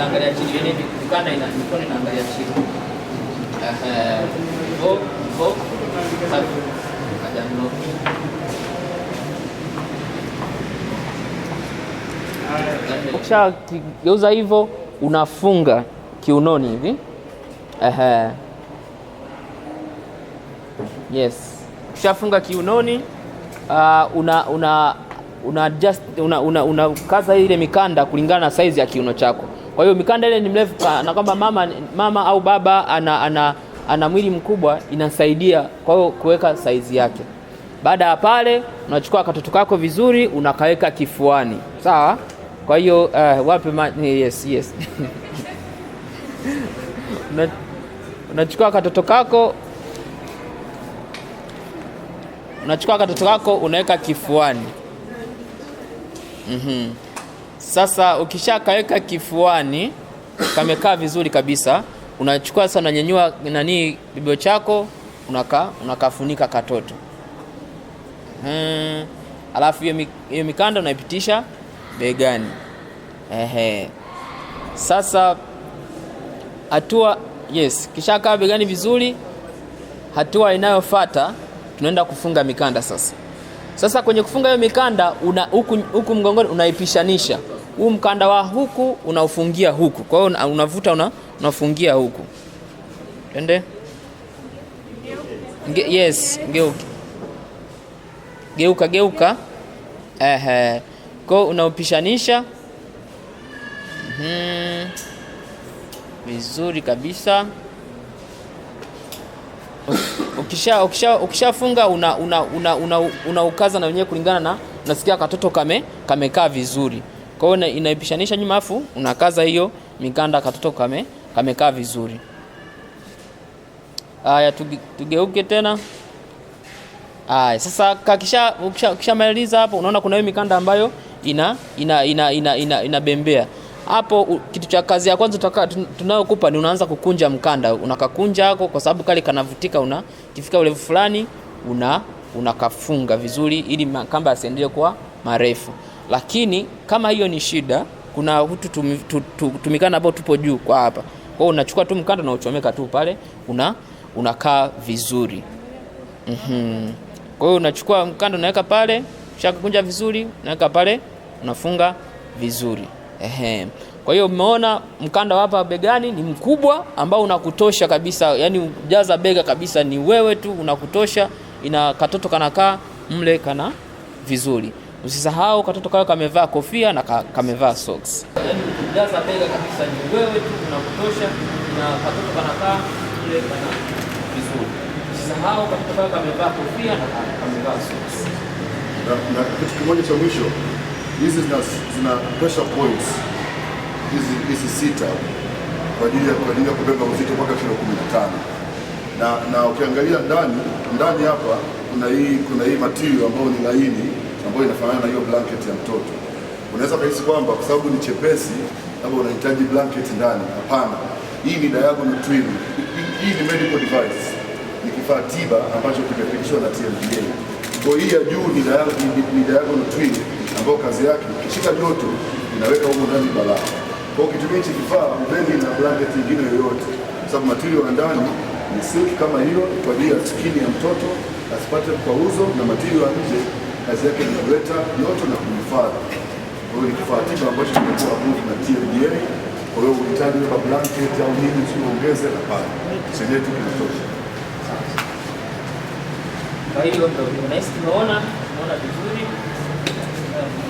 naangalia chini yani kukana ina mikono inaangalia chini. Eh, go go kaja mlo. Ukisha kigeuza hivyo unafunga kiunoni hivi. Ehe. Yes. Ukishafunga kiunoni uh, una una una adjust una, una, una kaza ile mikanda kulingana na size ya kiuno chako. Kwa hiyo mikanda ile ni mrefu, na kwamba mama, mama au baba ana, ana, ana mwili mkubwa, inasaidia kwa hiyo kuweka saizi yake. Baada ya pale, unachukua katoto kako vizuri, unakaweka kifuani, sawa. Kwa hiyo uh, eh, wapi ma... Eh, yes, yes. unachukua katoto kako unachukua katoto kako unaweka kifuani. mm -hmm. Sasa ukishakaweka kifuani kamekaa vizuri kabisa, unachukua sasa, unanyanyua nani kibebeo chako, unaka unakafunika katoto hmm. Alafu hiyo mikanda unaipitisha begani. Ehe. Sasa hatua yes, kishakaa begani vizuri, hatua inayofuata tunaenda kufunga mikanda sasa. Sasa kwenye kufunga hiyo mikanda una huku mgongoni unaipishanisha huu mkanda wa huku unaufungia huku, kwa hiyo unavuta una, unafungia huku. Twende Nge, yes, geuka geuka geuka, ehe, kwa hiyo unaupishanisha mhm. vizuri kabisa. Ukisha ukisha ukishafunga una unaukaza una, una, una na wenyewe kulingana na nasikia katoto kame kamekaa vizuri. Kwa hiyo inaipishanisha nyuma afu unakaza hiyo mikanda katoto kame kamekaa vizuri. Haya, tugeuke tena. Haya, sasa kakisha ukishamaliza hapo, unaona kuna hiyo mikanda ambayo ina ina ina ina, ina, ina bembea hapo. Kitu cha kazi ya kwanza tunayokupa ni unaanza kukunja mkanda, unakakunja hako kwa sababu kale kanavutika, una kifika ulevu fulani una unakafunga vizuri, ili makamba yasiendelee kuwa marefu lakini kama hiyo ni shida, kuna hutu tumikana ambao tupo juu kwa hapa. Kwa hiyo unachukua tu mkanda uchomeka tu pale, una unakaa vizuri mm -hmm. Kwa hiyo unachukua mkanda unaweka pale, ushakunja vizuri, unaweka pale, unafunga vizuri ehe. Kwa hiyo umeona mkanda wa hapa begani ni mkubwa ambao unakutosha kabisa, yani jaza bega kabisa, ni wewe tu unakutosha, ina katoto kanakaa mle kana vizuri. Usisahau katoto kayo kamevaa kofia na ka, kamevaa socks. Yaani ukijaza bega kabisa ni wewe tu unakutosha na katoto kanakaa ile kana vizuri. Usisahau katoto kayo kamevaa kofia na kamevaa socks. Na, na kitu kimoja cha mwisho hizi zina, zina pressure points hizi hizi sita kwa ajili ya kwa ajili ya kubeba uzito mpaka kilo 15 na na ukiangalia ndani ndani hapa kuna hii kuna hii material ambayo ni laini ambayo inafanana na hiyo blanket ya mtoto. Unaweza kuhisi kwamba kwa sababu ni chepesi labda unahitaji blanket ndani. Hapana, hii ni diagonal twin. Hii ni medical device, ni kifaa tiba ambacho kimepitishwa na TMDA. Kwa hii ya juu ni diagonal twin ambayo kazi yake ikishika joto inaweka huko ndani balaa. Kwa ukitumia hichi kifaa ubendi na blanket nyingine yoyote, sababu material ya ndani ni silk kama hiyo kwa ajili ya skin ya mtoto asipate kwa uzo na material ya nje kazi yake ni kuleta joto na kuhifadhi. Kwa hiyo ni kifaa tiba ambacho kimekuwa approved na TFDA. Kwa hiyo uhitaji wa blanket au nini usiongeze na pale chenyetu kinatosha. Kwa hiyo ndio, vizuri.